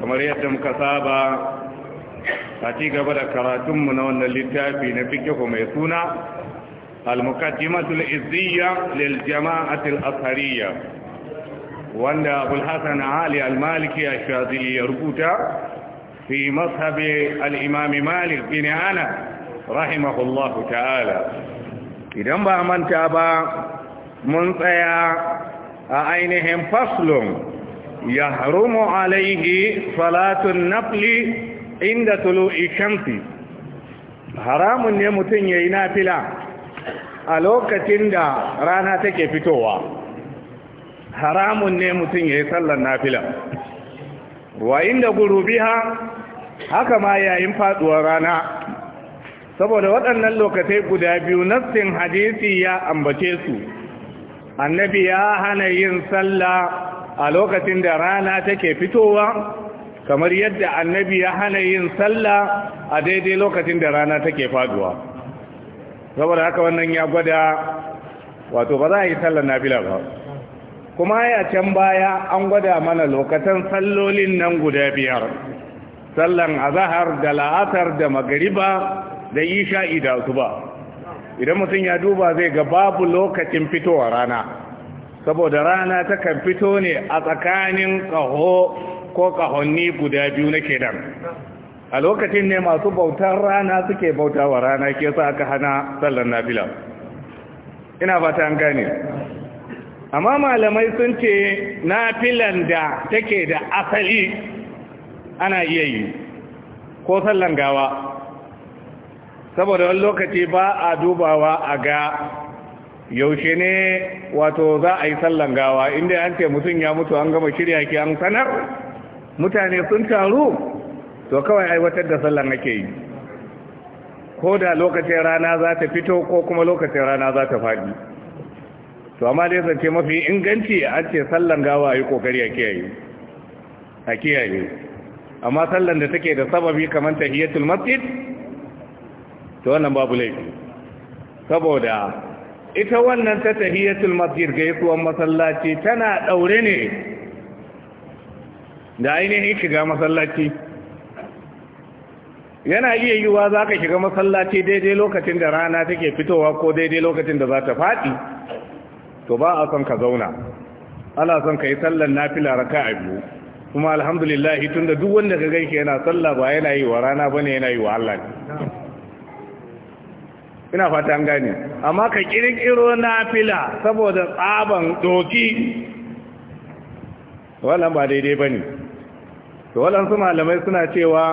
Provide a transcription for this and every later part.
kamar yadda muka saba a ci gaba da karatunmu na wannan littafi na fikihu mai suna al-muqaddimatul izziya lil jama'atil ashariyya wanda abul hasan ali al-maliki ash-shazili ya rubuta fi mazhabi al-imam malik bin ana rahimahullahu ta'ala idan ba manta ba mun tsaya a ainihin faslun يحرم alaihi, صلاة Nafli, inda طلوع الشمس haramun ne mutum ya yi nafila a lokacin da rana take fitowa haramun ne mutum ya yi sallar nafila wa inda gurubiha haka ma yayin faduwar rana saboda waɗannan lokacin guda biyu nassin hadisi ya ambace su annabi ya hana yin sallah a lokacin da rana take fitowa kamar yadda annabi ya hana yin sallah a daidai lokacin da rana take faduwa saboda haka wannan ya gwada wato ba za a yi sallar nafila ba kuma ya can baya an gwada mana lokacin sallolin nan guda biyar sallan azahar da la'asar da magariba da isha'i da ba, idan mutum ya duba zai ga babu lokacin fitowa rana saboda rana takan fito ne a tsakanin ƙaho ko ƙahonni guda biyu na kenan a lokacin ne masu bautar rana suke bauta wa rana ke sa aka hana sallar nafila ina ba ta gane amma malamai sun ce nafilan da take da asali ana iya yi ko sallan gawa saboda wani lokaci ba a dubawa a ga yaushe ne wato za a yi sallan gawa inda an ce mutum ya mutu an gama shirya ki an sanar mutane sun taru to kawai aiwatar da sallan ake yi ko da lokacin rana za ta fito ko kuma lokacin rana za ta faɗi to amma dai zance mafi inganci an ce sallan gawa a yi ƙoƙari a kiyaye a kiyaye amma sallan da take da sababi kamar tahiyatul masjid to wannan babu laifi saboda ita wannan ta tahiyatul masjid gaisuwan masallaci tana daure ne da ainihin shiga masallaci yana iya yiwuwa za ka shiga masallaci daidai lokacin da rana take fitowa ko daidai lokacin da za ta faɗi to ba a son ka zauna ana son ka yi sallan nafila raka a biyu kuma alhamdulillah tun da duk wanda ka ganke yana sallah ba yana yi wa rana ne yana yi wa Allah ina fata an gane amma ka kirkiro nafila saboda tsaban doki wannan ba daidai bane to waɗansu malamai suna cewa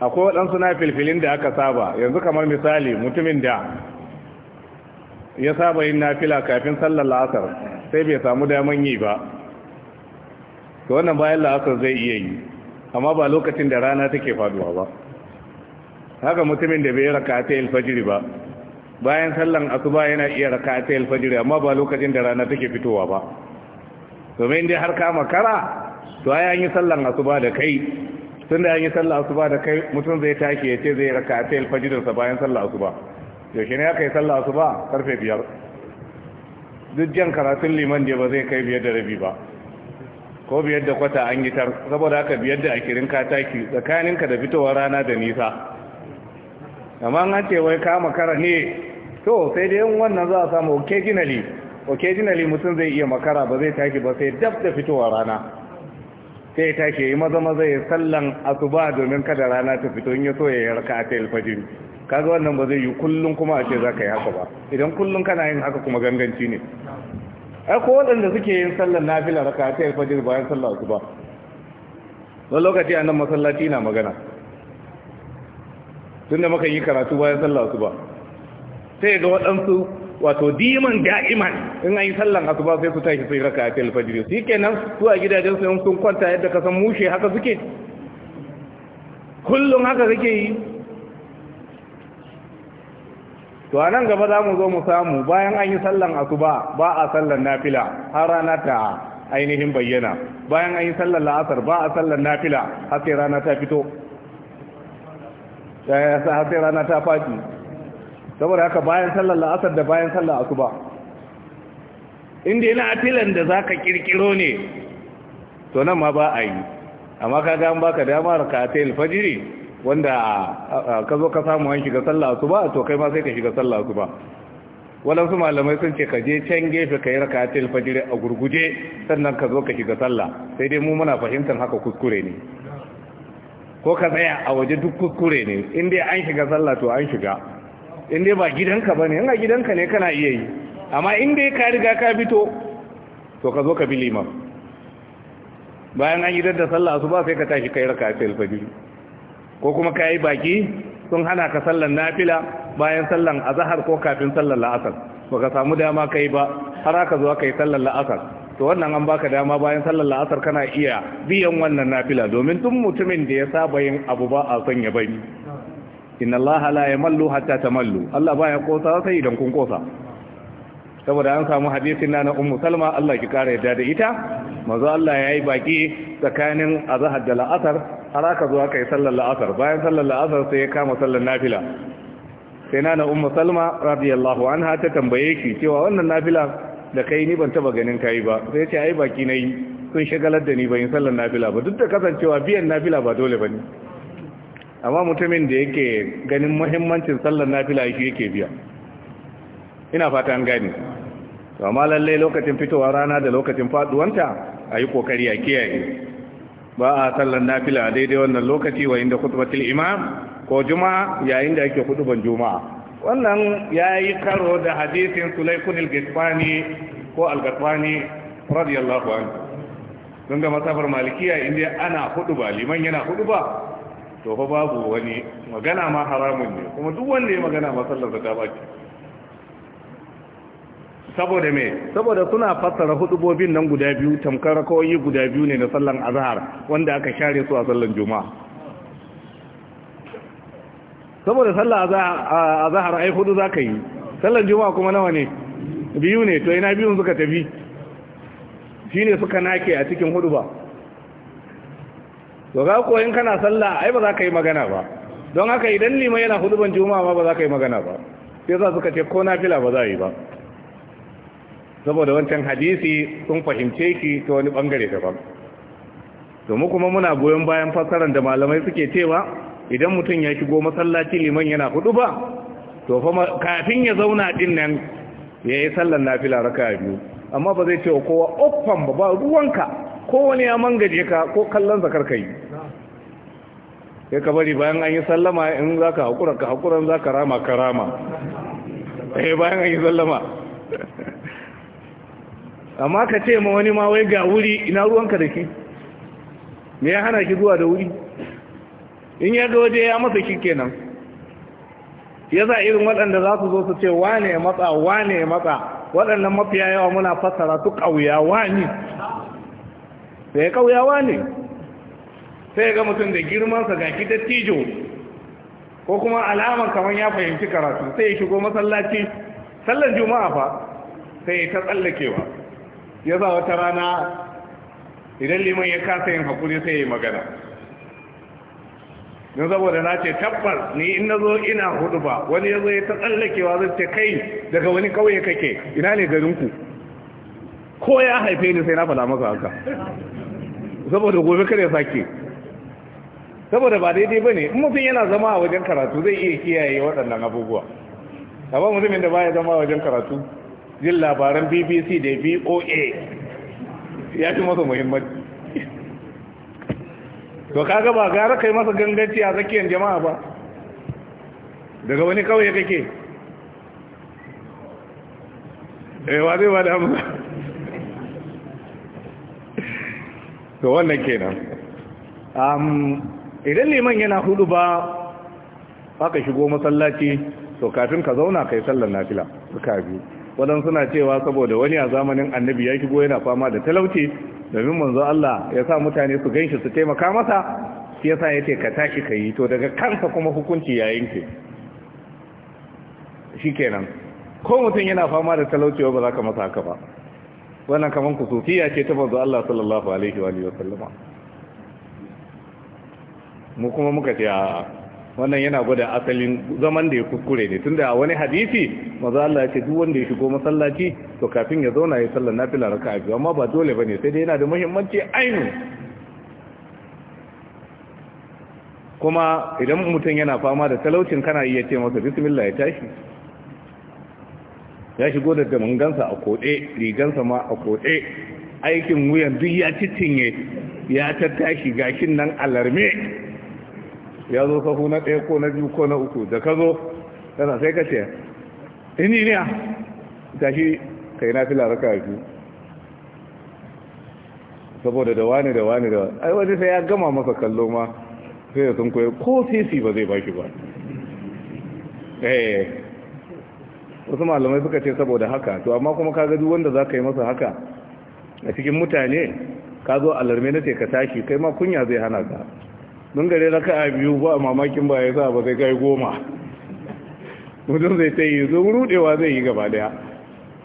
akwai waɗansu na filfilin da aka saba yanzu kamar misali mutumin da ya saba yin nafila kafin sallar la'asar sai bai samu daman yi ba wannan bayan la'asar zai iya yi amma ba lokacin da rana take faduwa ba haka mutumin da bai yi ta alfajiri ba bayan sallan asuba yana iya ta alfajiri amma ba lokacin da rana take fitowa ba domin dai har kama kara to ai an yi sallan asuba da kai Tunda da an yi sallan asuba da kai mutum zai take ya ce zai ta alfajirin sa bayan sallan asuba yaushe ne ya kai sallan asuba karfe biyar duk jan karatun liman je ba zai kai biyar da rabi ba ko biyar da kwata an yi tar, saboda haka biyar da akirin kataki tsakaninka da fitowar rana da nisa amma an ce wai kama makara ne to sai dai wannan za a samu occasionally occasionally mutum zai iya makara ba zai tashi ba sai daf da fitowa rana sai ya tashi yi maza maza ya sallan asuba domin kada rana ta fito in ya so ya yarka a tayil fajin kaga wannan ba zai yi kullum kuma a ce za ka yi haka ba idan kullum kana yin haka kuma ganganci ne ko waɗanda suke yin sallan nafila raka a tayil fajiri bayan sallar asuba wani lokaci a nan masallaci na magana tunda muka yi karatu bayan sallah asuba sai ga waɗansu wato diman da'iman in an sallan asuba sai su tashi su yi raka a fil fajiri su kenan su a gidajen su sun kwanta yadda ka san mushe haka suke kullum haka suke yi to a nan gaba za mu zo mu samu bayan an yi sallan asuba ba a sallan nafila har rana ta ainihin bayyana bayan an yi sallan la'asar ba a sallan nafila har sai rana ta fito ya sa sai rana ta faɗi saboda haka bayan sallar la'asar da bayan sallar asuba inda yana atilan da za ka kirkiro ne to nan ma ba a yi amma ka ga an baka damar ka ta fajiri, wanda ka zo ka samu an shiga sallah asuba to kai ma sai ka shiga sallah asuba waɗansu malamai sun ce ka je can gefe ka yi raka ta fajiri a gurguje sannan ka zo ka shiga sallah sai dai mu muna fahimtar haka kuskure ne ko ka tsaya a waje duk kuskure ne in dai an shiga sallah to an shiga in dai ba gidanka bane ne, gidanka ne kana iya yi amma in dai ka riga ka fito to ka zo ka bi liman bayan an idar da sallah su ba sai ka tashi kai raka ta alfajiri ko kuma ka yi baki sun hana ka sallan nafila bayan sallan azhar ko kafin sallan la'asar baka samu dama kai ba har aka zo ka yi sallan la'asar to wannan an baka dama bayan sallar la'asar kana iya biyan wannan nafila domin tun mutumin da ya saba yin abu ba a sanya ya inna allaha la mallu hatta tamallu allah baya kosa sai idan kun kosa saboda an samu hadisin na ummu salma Allah ki kara yadda da ita manzo Allah yayi baki tsakanin azhar da la'asar har aka zo aka yi sallar la'asar bayan sallar la'asar sai ya kama sallar nafila sai na ummu salma radiyallahu anha ta tambaye ki cewa wannan nafila da kai ni ban taba ganin kai ba sai ce ai baki nayi sun shagalar da ni ba yin sallar nafila ba duk da kasancewa biyan nafila ba dole bane amma mutumin da yake ganin muhimmancin sallar nafila shi yake biya ina fata an gane to amma lalle lokacin fitowa rana da lokacin faduwanta ayi kokari a kiyaye ba a sallar nafila daidai wannan lokaci wa inda khutbatul imam ko juma'a yayin da ake khutban juma'a wannan ya yi karo da hadisin sulaikun al-gasbani ko al-gasbani radiyallahu anhu don ga masafar malikiya inda ana hudu ba liman yana hudu ba to fa babu wani magana ma haramun ne kuma duk wanda ya magana masallar zakka baki saboda me saboda suna fassara hudubobin nan guda biyu tamkar kawai guda biyu ne na sallan azhar wanda aka share su a sallan juma'a saboda sallah a zahar ai hudu za ka yi sallar juma'a kuma nawa ne biyu ne to ina biyun suka tafi shi ne suka nake a cikin hudu ba to ga ko in kana sallah ai ba za ka yi magana ba don haka idan lima yana hudu juma'a ma ba za ka yi magana ba sai za suka ce ko na fila ba za yi ba saboda wancan hadisi sun fahimce ki ta wani bangare daban to mu kuma muna goyon bayan fassarar da malamai suke cewa idan mutum ya shigo masallaci liman yana hudu ba to fa kafin ya zauna din nan yayi sallar nafila raka biyu amma ba zai ce kowa uffan ba ba ruwanka wani ya mangaje ka ko kallon zakar kai Ya ka bari bayan an yi sallama in zaka hakura ka hakuran zaka rama karama eh bayan an yi sallama amma ka ce ma wani ma wai ga wuri ina ruwanka da shi me ya hana ki zuwa da wuri in ya doje ya masa kenan ya za irin waɗanda za su zo su ce wane ya matsa wane ya matsa waɗannan mafiya yawa muna fassara su ƙauyawa ne sai ƙauyawa ne sai ga mutum da girmansa ga ki dattijo ko kuma alamar kamar ya fahimci karatu sai ya shigo masallaci sallan juma'a fa sai ta tsallakewa ya za wata rana idan liman ya kasa yin haƙuri sai ya yi magana don saboda na ce tabbar ni in na zo ina hudu ba wani ya zo ya ta tsallakewa zai ce kai daga wani kauye kake ina ne garinku ko ya haife ni sai na fada masa haka saboda gobe kare sake saboda ba daidai ba ne in mutum yana zama a wajen karatu zai iya kiyaye waɗannan abubuwa amma mutumin da ba ya zama a wajen karatu jin labaran bbc da voa ya fi masa muhimmanci to kaga ba gara kai masa ganganci a tsakiyar jama'a ba daga wani kawai kake ewa eh, zai ba damu to wannan kenan idan liman yana hudu ba aka shigo masallaci to kafin ka zauna kai sallar nafila suka biyu Waɗansu suna cewa saboda wani a zamanin annabi ya shigo yana fama da talauci domin manzo Allah ya sa mutane su ganshi su taimaka masa shi yasa yace ka tashi yi to daga kansa kuma hukunci ya yanke shikenan ko mutum yana fama da talauci ba za ka masa haka ba wannan kaman sufiya ce ta manzo Allah sallallahu alaihi wa sallama mu kuma muka ce a'a wannan yana gwada asalin zaman da ya kuskure ne tunda a wani hadisi maza Allah ya ce duk wanda ya shigo masallaci to kafin ya zauna ya sallar nafila raka'a biyu amma ba dole bane sai dai yana da muhimmanci ainu kuma idan mutum yana fama da talaucin kana iya ce masa bismillah ya tashi ya shigo da damangansa a kode rigansa ma a kode aikin wuyan duk ya cicinye ya tattashi gashin nan alarme ya zo sahu na ɗaya ko na biyu ko na uku da ka zo yana sai ka ce injiniya tashi ka yi laraka a biyu saboda da wani da wani da wani ai wani sai ya gama masa kallo ma sai ya sun koyi ko sisi ba zai baki ba eh. wasu malamai suka ce saboda haka to amma kuma ka duk wanda za ka yi masa haka a cikin mutane ka zo alarme na ce ka tashi kai ma kunya zai hana ka don gare a biyu ba mamakin ba ya sa ba sai kai goma mutum zai ta yi zuwa rudewa zai yi gaba daya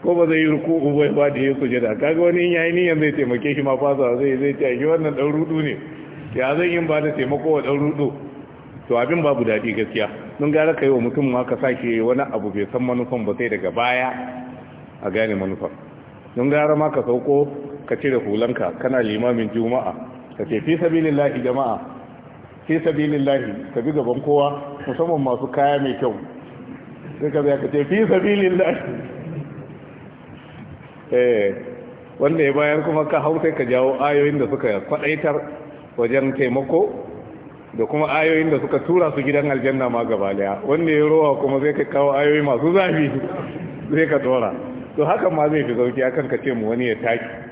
ko ba zai yi ruku ubai ba da ya da kaga wani yayi niyan zai taimake shi ma fasa zai zai ta yi wannan dan rudu ne ya zai yin ba da taimako wa dan rudu to abin babu dadi gaskiya don gara kai wa mutum ma ka sake wani abu bai san manufan ba sai daga baya a gane manufan don gara ma ka sauko ka cire hulanka kana limamin juma'a ka ce fi sabilillahi jama'a fi lahi ka bi gaban kowa musamman masu kaya mai kyau sai ka zai ka ce fi lahi eh wanda ya bayan kuma ka hau sai ka jawo ayoyin da suka kwadaitar wajen taimako da kuma ayoyin da suka tura su gidan aljanna ma gaba daya wanda ya rowa kuma zai ka kawo ayoyi masu zafi zai ka dora to hakan ma zai fi sauki akan ka ce mu wani ya taki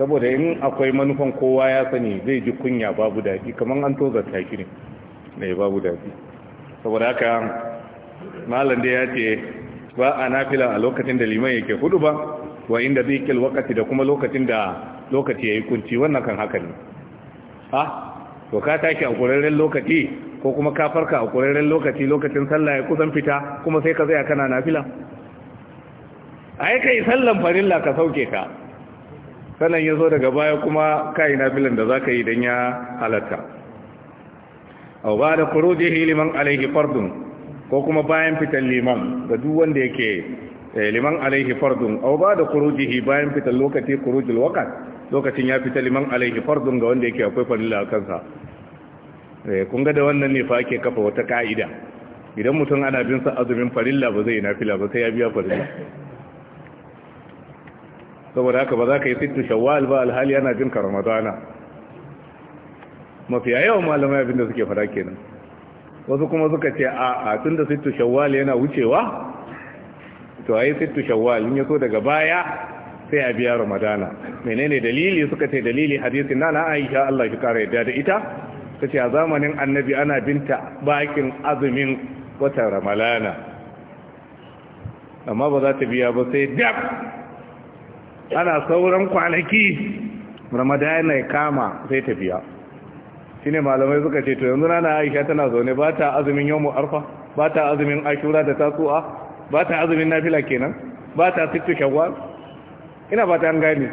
saboda in akwai manufan kowa ya sani zai ji kunya babu daji, kamar an tozarta ki ne mai babu daji. saboda haka malam da ya ce ba a nafila a lokacin da liman yake hudu ba wa inda zai kil wakati da kuma lokacin da lokaci ya yi kunci wannan kan haka ne ha to ka tashi a ƙurarren lokaci ko kuma ka farka a ƙurarren lokaci lokacin sallah ya kusan fita kuma sai ka tsaya kana nafila ai kai sallan farilla ka sauke ka sannan ya zo daga baya kuma kai na filin da za ka yi don ya halatta au ba da kuroje liman alaihi fardun ko kuma bayan fitan liman da duk wanda yake eh, liman alaihi fardun au ba da kuroje bayan fitan lokaci kurojul wakat lokacin ya fita liman alaihi fardun ga wanda yake akwai fadila a kansa eh, kun ga da wannan ne fa ake kafa wata ka'ida idan mutum ana bin sa azumin farilla ba zai nafila ba sai ya biya farilla saboda haka ba za ka yi sittu shawal ba alhali yana jin ka ramadana mafiya yawan malamai abinda suke fara kenan wasu kuma suka ce a a tun da sittu shawal yana wucewa to a yi sittu shawal in ya daga baya sai a biya ramadana menene dalili suka ce dalili hadisi? na na aisha Allah shi kara yadda da ita ta ce a zamanin annabi ana binta bakin azumin watan Ramadana. amma ba za ta biya ba sai dab ana sauran kwanaki ramadana ya kama zai tafiya shi ne malamai suka ce to yanzu na aisha tana zaune ba ta azumin yawon arfa ba ta azumin ashura da tasu'a ba ta azumin nafila kenan ba ta sittu shawwal ina ba ta an gani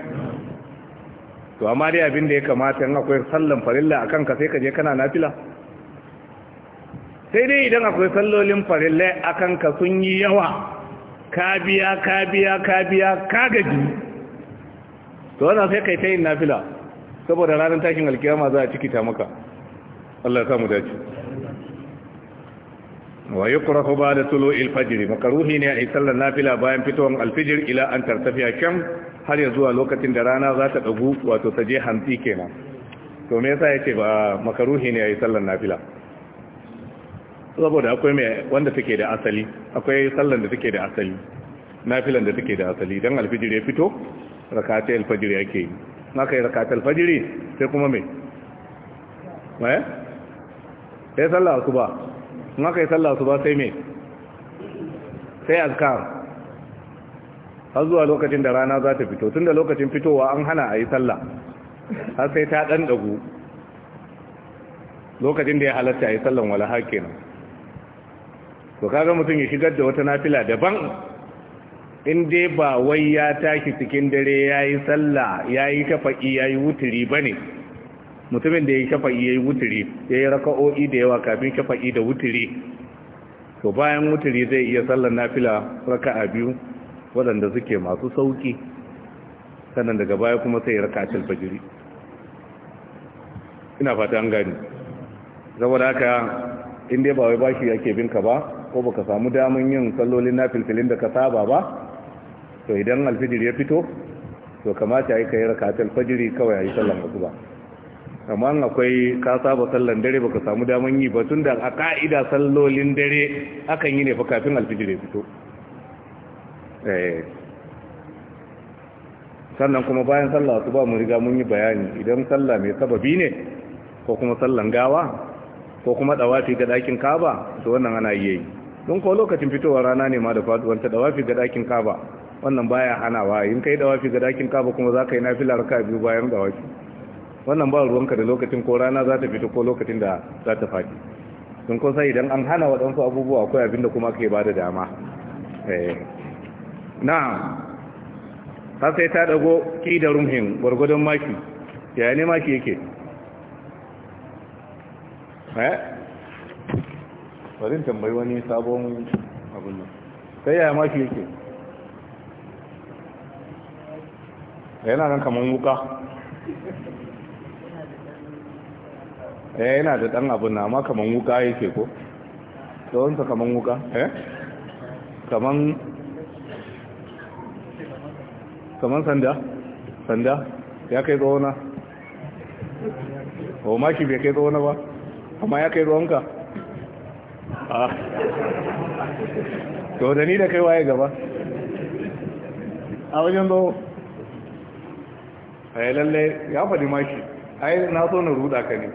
to amma dai abin da ya kamata in akwai sallan farilla akan ka sai ka je kana nafila sai dai idan akwai sallolin farilla akan ka sun yi yawa ka biya ka biya ka biya ka gaji to wannan sai kai ta yin nafila saboda ranar tashin alkiyama za a cikita maka Allah ya samu dace wa yukrahu ba'da tulu'il fajr makruhi ne ai sallar nafila bayan fitowar alfijir ila an tartafiya kam har ya zuwa lokacin da rana za ta dagu wato ta je kenan to me yasa yake ba makruhi ne ai sallar nafila saboda akwai mai wanda take da asali akwai sallar da take da asali nafilan da take da asali dan alfijir ya fito rakata alfajiri ake yi maka yi rakata alfajiri sai kuma mai eh sai sallah su ba. maka yi sallah su ba sai mai sai azkar har zuwa lokacin da rana za ta fito tun da lokacin fitowa an hana a yi sallah har sai ta ɗan ɗagu lokacin da ya halatta a yi sallan wala haƙe nan to kaga mutum ya shigar da wata nafila daban in dai ba wai ya tashi cikin dare ya yi sallah ya yi shafa'i ya yi wuturi ba ne mutumin da ya yi shafa'i ya yi wuturi ya yi raka'o'i da yawa kafin shafa'i da wuturi to bayan wuturi zai iya sallar nafila raka'a biyu waɗanda suke masu sauƙi sannan daga baya kuma sai raka'a talfajiri ina fata an gani saboda haka in dai ba wai bashi ake binka ba ko baka samu damar yin sallolin nafilfilin da ka saba ba to idan alfijir ya fito to kamata ya yi ka yi alfijiri fajiri kawai a yi sallan ba. amma akwai ka saba sallan dare baka samu daman yi ba tun da a ka'ida sallolin dare akan yi ne fa kafin alfijir ya fito eh. sannan kuma bayan sallah su ba mu riga mun yi bayani idan sallah mai sababi ne ko kuma sallan gawa ko kuma dawafi ga dakin kaba to wannan ana iya yi don ko lokacin fitowar rana ne ma da faduwar ta dawafi ga dakin kaba wannan baya hanawa in kai dawafi ga dakin kaba kuma za ka yi nafila raka biyu bayan dawafi wannan ba ruwanka da lokacin ko rana za ta fito ko lokacin da za ta faɗi sun kusa idan an hana waɗansu abubuwa akwai abin da kuma ke ba da dama eh. Na. har sai ta dago ki da rumhin gwargwadon maki yaya ne maki yake eh bari tambayi wani sabon abin nan sai yaya maki yake yana nan kamar wuka eh yana da dan abin na ma kamar wuka yake ko tsawonsa kamar wuka eh kamar kamar sanda sanda ya kai tsawona o oh, maki bai kai na ba amma ya kai tsawonka a ah. to da ni da kai waye gaba a wajen tsawo ai lalle ya faɗi maki ai na so na ruda ka ne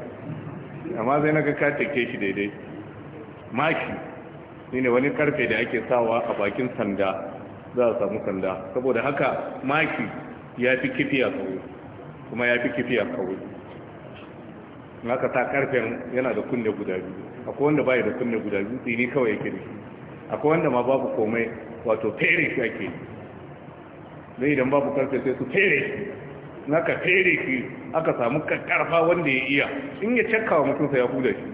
amma sai na ka take shi daidai maki ne wani karfe da ake sawa a bakin sanda za a samu sanda saboda haka maki ya fi kifiya kawai kuma ya fi kifiya kawai ka ta karfen yana da kunne guda biyu akwai wanda bai da kunne guda biyu tsini kawai yake da shi akwai wanda ma babu komai wato fere shi ake ne idan babu karfe sai su fere shi in aka fere shi aka samu karfa wanda ya iya in ya cakka wa mutum sai ya huda shi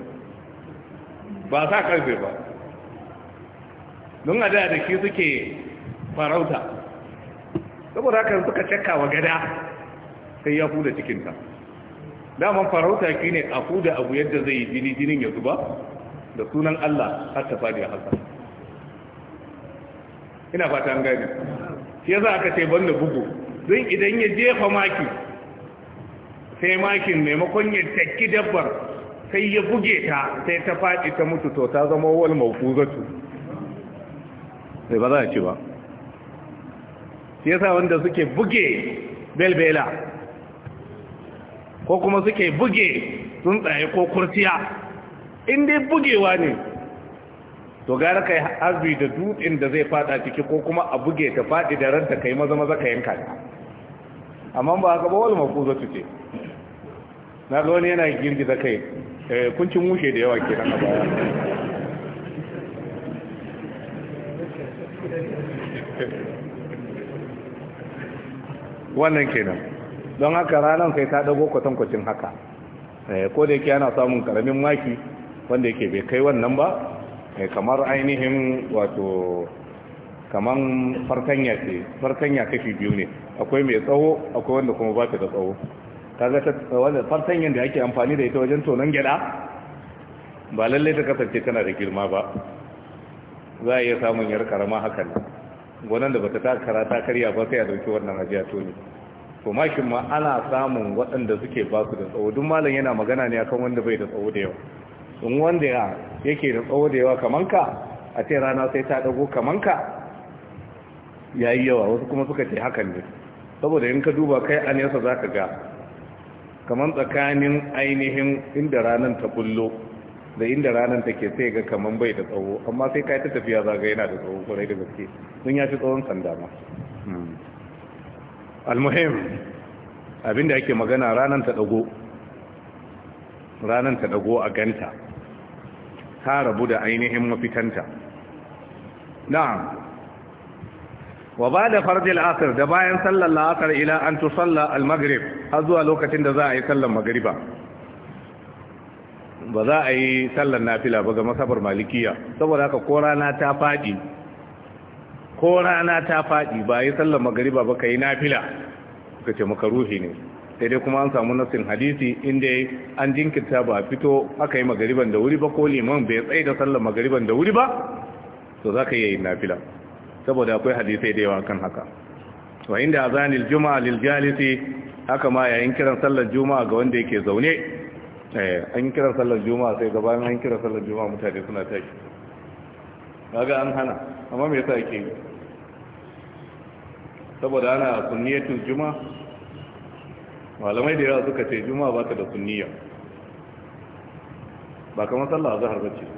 ba sa karfe ba don a da da shi suke farauta saboda kan suka cakka wa gada sai ya huda cikinta daman farauta shi ne a huda abu yadda zai yi jini jinin ya zuba da sunan Allah har ta fadi a hasa ina fata an gani shi yasa aka ce banda bugu don idan ya jefa maki sai makin maimakon ya takki dabbar sai ya buge ta sai ta faɗi ta mutu to ta zama wal mawquzatu sai ba za a ci ba sai yasa wanda suke buge belbela ko kuma suke buge tsuntsaye ko kursiya in dai bugewa ne to gara kai azbi da dutsen da zai fada ciki ko kuma a buge ta faɗi da ranta kai maza maza ka yanka ta amma ba haka ba wal mafuzatu ce na ga wani yana girgiza kai eh, kuncin mushe da yawa kenan a baya wannan kenan don haka ranar kai ta dago kwatankwacin haka eh, ko da yake yana samun karamin maki wanda yake bai kai wannan ba eh, kamar ainihin wato kamar fartanya ce farkanya kashi biyu ne akwai mai tsawo akwai wanda kuma ba ta da tsawo kaga ta wanda farkon da ake amfani da ita wajen tonon gyada ba lallai ta kasance tana da girma ba za a iya samun yar karama hakan gonan da bata takara ta karya ba sai a dauki wannan ajiya tuni. to mashin ma ana samun waɗanda suke ba su da tsawo duk malam yana magana ne akan wanda bai da tsawo da yawa in wanda ya yake da tsawo da yawa kaman ka a ce rana sai ta dago kaman ka yayi yawa wasu kuma suka ce hakan ne saboda in ka duba kai a nesa za ka ga kamar tsakanin ainihin inda ranar ta kullo da inda ranar ke sai ga kamar bai da tsawo amma sai kai ta tafiya za ga yana da tsawo kwarai da gaske sun ya fi tsawon sanda ma hmm. almuhim abinda ake magana ranar ta dago ranar ta dago a ganta ta rabu da ainihin mafitanta na'am wa ba da farji al’asir da bayan sallar la'asar ila an sallar al-maghrib har zuwa lokacin da za a yi sallar magriba ba za a yi sallar nafila ba ga masabar malikiya saboda haka ko rana ta faɗi ko rana ta faɗi ba yi sallar magriba ba ka yi nafila ka ce ruhi ne sai dai kuma an samu nasin hadisi inda an jinkirta ba fito aka yi magariban da wuri ba ko liman bai tsaye da sallar magariban da wuri ba to za ka yi nafila saboda akwai hadisai da yawa kan haka wa inda azanil juma'a lil jalisi haka ma yayin kiran sallar juma'a ga wanda yake zaune eh an kiran sallar juma'a sai gaban an kiran sallar juma'a mutane suna tashi kaga an hana amma me yasa yake saboda ana sunniyatul juma'a malamai da yawa suka ce juma'a ba ta da sunniya ba kamar sallah azhar bace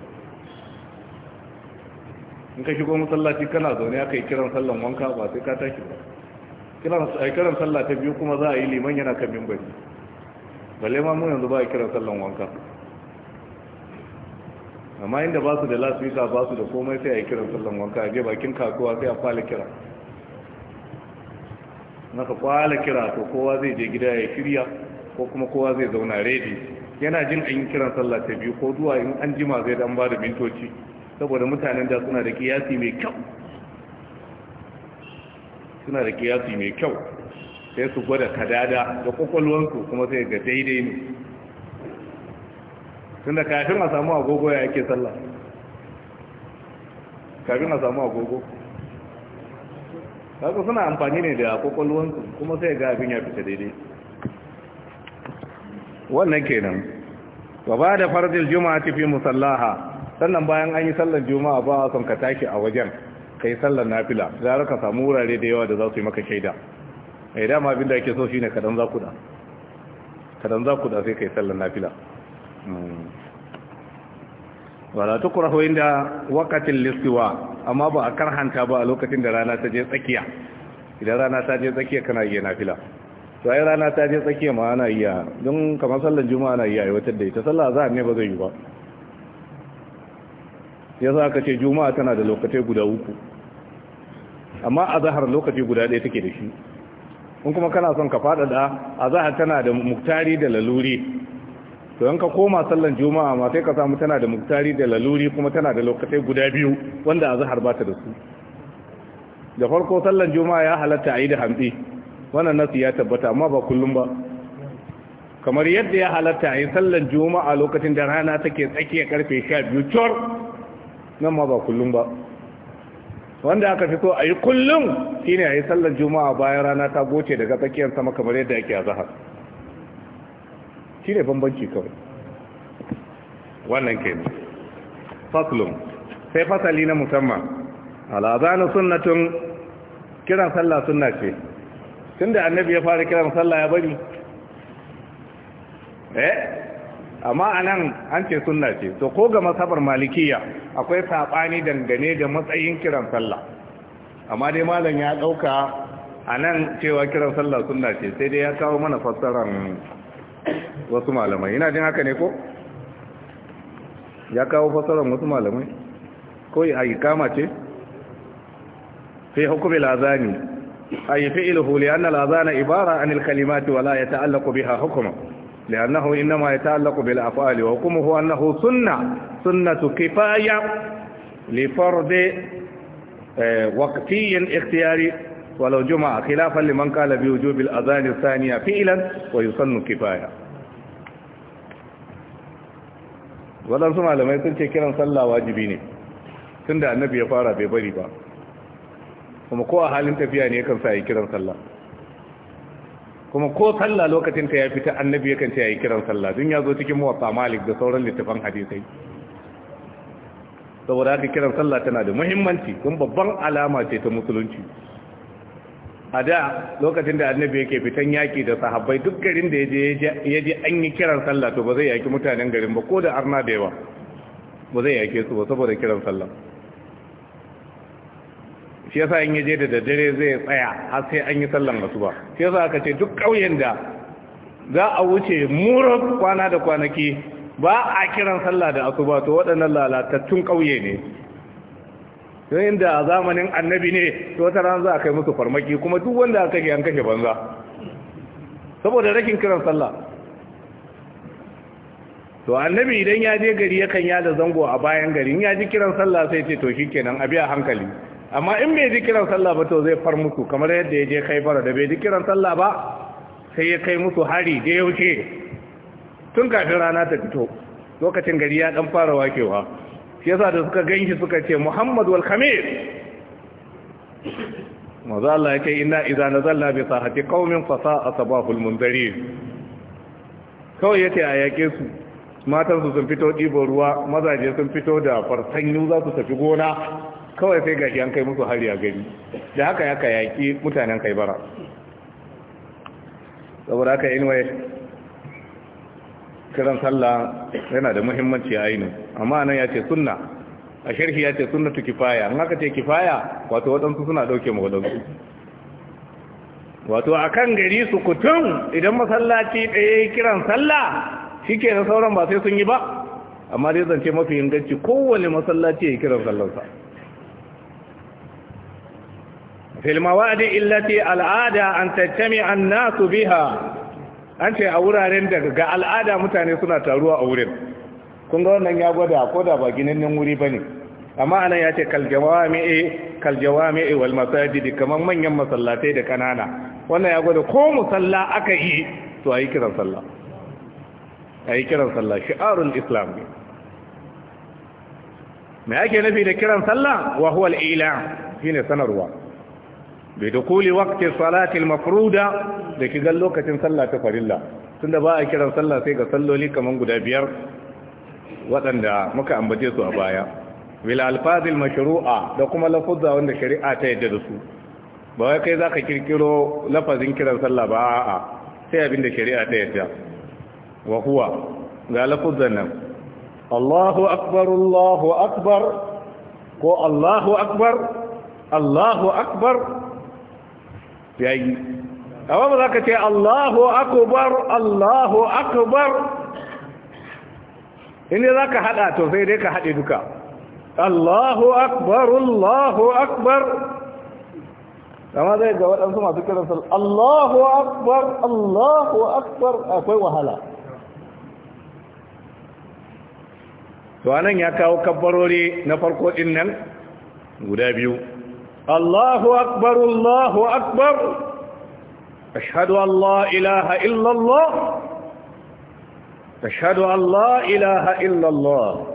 in ka shigo masallaci kana zaune aka yi kiran sallan wanka ba sai ka tashi ba kiran sallah ta biyu kuma za a yi liman yana kan mimbari balle ma mu yanzu ba a kiran sallan wanka amma inda ba su da lasfika ba su da komai sai a yi kiran sallan wanka a je bakin kasuwa sai a kwale kira Na ka kwale kira to kowa zai je gida ya shirya ko kuma kowa zai zauna redi yana jin an yi kiran sallah ta biyu ko zuwa in an jima zai dan ba da mintoci saboda mutanen da suna da kiyasi mai kyau suna da kiyasi mai kyau sai su gwada kadada da kwakwalwansu kuma sai ga daidai ne tunda kafin a samu agogo ya ake sallah kafin a samu agogo kasu suna amfani ne da kwakwalwansu kuma sai ga abin ya fita daidai wannan kenan ba ba da farajin juma'a fi musallaha sannan bayan an yi sallar juma'a ba a son ka tashi a wajen kai sallan sallar nafila gara ka samu wurare da yawa da za su yi maka shaida mai eh, dama abin da ake so shine kadan za kuɗa kadan za kuɗa sai ka yi sallar nafila hmm. wala tukrahu inda waqatil listiwa amma ba a karhanta ba a lokacin da rana ta je tsakiya idan rana ta je tsakiya kana yi nafila to ai rana ta je tsakiya ma ana iya don kamar sallar juma'a ana iya aiwatar da ita sallah za ne ba zai yi ba ya za ka ce juma'a tana da lokacin guda uku amma a zahar lokaci guda ɗaya take da shi in kuma kana son ka faɗaɗa a zahar tana da muktari da laluri to yanka koma sallan juma'a ma sai ka samu tana da muktari da laluri kuma tana da lokacin guda biyu wanda a zahar ba ta da su da farko sallan juma'a ya halatta a yi da hamdi wannan nasu ya tabbata amma ba kullum ba kamar yadda ya halatta a yi sallan juma'a lokacin da rana take tsakiya karfe sha biyu cor nan ma ba kullum ba wanda aka fi so a yi kullum shine a yi sallar juma'a bayan rana ta goce daga tsakiyar sama kamar yadda ake a zahar shi ne bambanci kawai wannan ke faslun sai fasali na musamman al'azanu sunnatun kiran sallah sunna ce tun da annabi ya fara kiran sallah ya bari eh amma a nan an ce sunna ce to ko ga masabar malikiya akwai saɓani dangane da matsayin kiran sallah amma dai malam ya ɗauka a nan cewa kiran sallah sunna ce sai dai ya kawo mana fassarar wasu malamai ina jin haka ne ko ya kawo fassarar wasu malamai ko a yi kama ce fi hukumi lazani Ayi yi fi ilhu li'anna lazana ibara anil kalimati wala ya ta'allaku biha hukuma لأنه إنما يتعلق بالأفعال وحكمه أنه سنة سنة كفاية لفرض آه، وقتي اختياري ولو جمع خلافا لمن قال بوجوب الأذان الثانية فئلا ويصن كفاية ولن سمع لما يتلتي كلا صلى واجبيني عند النبي فارا ببريبا ومقوى حال انت فيها أن يكن سعي صلى الله kuma ko sallah lokacin ta ya fita annabi yakan ce yayi kiran sallah dun ya zo cikin muwatta malik da sauran littafan hadisai saboda haka kiran sallah tana da muhimmanci kuma babban alama ce ta musulunci a da lokacin da annabi yake fitan yaki da sahabbai duk garin da ya je an yi kiran sallah to ba zai yaki mutanen garin ba ko da arna da yawa ba zai yake su ba saboda kiran sallah shi yasa in je da daddare zai tsaya har sai an yi sallan asuba shi yasa aka ce duk ƙauyen da za a wuce murar kwana da kwanaki ba a kiran sallah da asuba to waɗannan lalatattun ƙauye ne don inda a zamanin annabi ne to wata ran za a kai musu farmaki kuma duk wanda aka ke an kashe banza saboda rakin kiran sallah to annabi idan ya je gari yakan yada zango a bayan gari In ya ji kiran sallah sai ce to shi abi a hankali amma in bai ji kiran sallah ba to zai far musu kamar yadda ya je kai fara da bai ji kiran sallah ba sai ya kai musu hari da ya wuce tun kafin rana ta fito lokacin gari ya dan fara wakewa shi yasa da suka ganshi suka ce Muhammad wal Khamis maza Allah yake inna idza nazalna bi sahati qaumin fa sa'a sabahul munzirin kawai yace a yake su matan su sun fito ɗiban ruwa mazaje sun fito da farsanyu za su tafi gona kawai sai gashi an kai musu hari a gari da haka ya kayaki mutanen kaibara saboda haka wai kiran sallah yana da muhimmanci a ainihin amma nan ya ce sunna a sharhi ya ce sunnatu kifaya in haka ce kifaya wato waɗansu suna ɗauke ma waɗansu wato a kan gari su kutun idan masallaci ɗaya yi kiran sallah shi ke na sauran ba sai sun yi ba amma dai zance mafi inganci kowane masallaci ya yi kiran sallansa. في المواد التي العادة أن تجتمع الناس بها أنت أورا رندك العادة متاني سنة تروى أورين كنغو ننيا قدا قدا باقينين نموري بني أما أنا ياتي كالجوامع كالجوامع والمساجد كما من يم مسلاتي دك أنانا وانا يقول كو مسلا أكي تو أي كرا صلى أي كرا صلى شعار الإسلام ما أكي نبي دكرا صلى وهو الإيلام shine sanarwa bi dukuli waqti salati al-mafruda da kigan lokacin sallah ta farilla tunda ba a kiran sallah sai ga salloli kaman guda biyar waɗanda muka ambace su a baya bil alfazil mashru'a da kuma lafuzza wanda shari'a ta yadda da su ba wai kai zaka kirkiro lafazin kiran sallah ba a'a sai abinda shari'a ta yadda wa huwa ga lafuzzan nan Allahu akbar Allahu akbar ko Allahu akbar Allahu akbar ya yi amma ba za ka ce allahu akubar allahu akubar inda za ka haɗa to sai dai ka haɗe duka allahu akbar allahu akbar amma zai ga waɗansu masu kiran sal allahu akbar allahu akbar akwai wahala to anan ya kawo kabbarori na farko ɗin nan guda biyu الله أكبر الله أكبر أشهد أن لا إله إلا الله أشهد أن لا إله إلا الله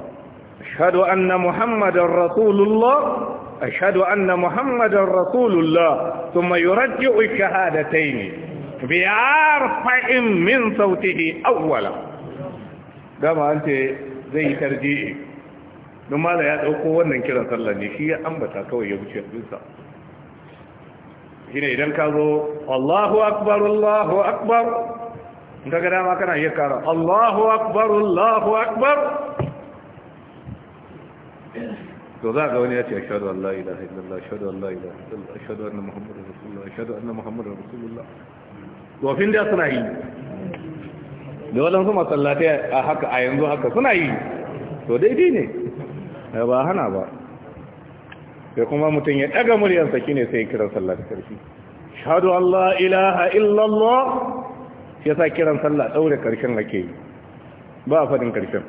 أشهد أن محمد رسول الله أشهد أن محمد رسول الله ثم يرجع الشهادتين بأرفع من صوته أولا كما أنت زي ترجيئك don mala ya ɗauko wannan kiran sallah ne shi ya ambata kawai ya wuce dusa shine idan ka zo Allahu akbar Allahu akbar in ka gada ma kana iya kara Allahu akbar Allahu akbar to za ga wani ya ce ashhadu an la ilaha illallah ashhadu an la ilaha illallah ashhadu anna muhammadar rasulullah ashhadu anna muhammadar rasulullah dofin da suna yi da waɗansu masallatai a haka a yanzu haka suna yi to daidai ne Eh, ba hana ba sai kuma mutum ya daga muryarsa shine sai kiran sallah da karfi shahadu Allah ilaha illallah ya sa kiran sallah daure karshen ake yi ba fadin karshen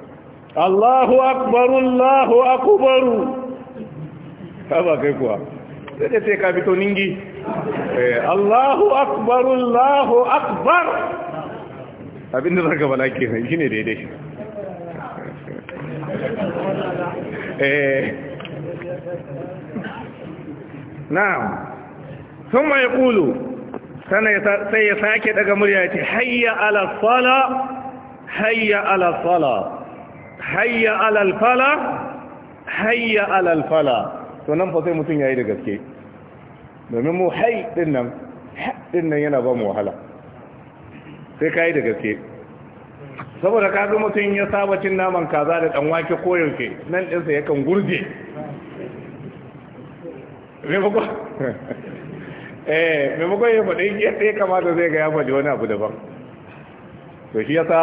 Allahu akbar Allahu akbar ba kai kuwa sai da sai ka fito ningi eh, Allahu akbar Allahu akbar abinda zaka bala kenan shine daidai Eh. na'am sun mai ƙulu sai ya sake daga murya ce hayya alasala hayya alasala hayya alalfala hayya alalfala to nan fa sai mutum ya yi da gaske domin mu hai ɗin yana ba mu wahala sai ka yi da gaske saboda kaga mutum ya saba cin naman kaza da dan wake koyaushe nan sa yakan gurje Me mako eh, ya faɗi ya sai kamata zai ga ya faɗi wani abu daban to shi yasa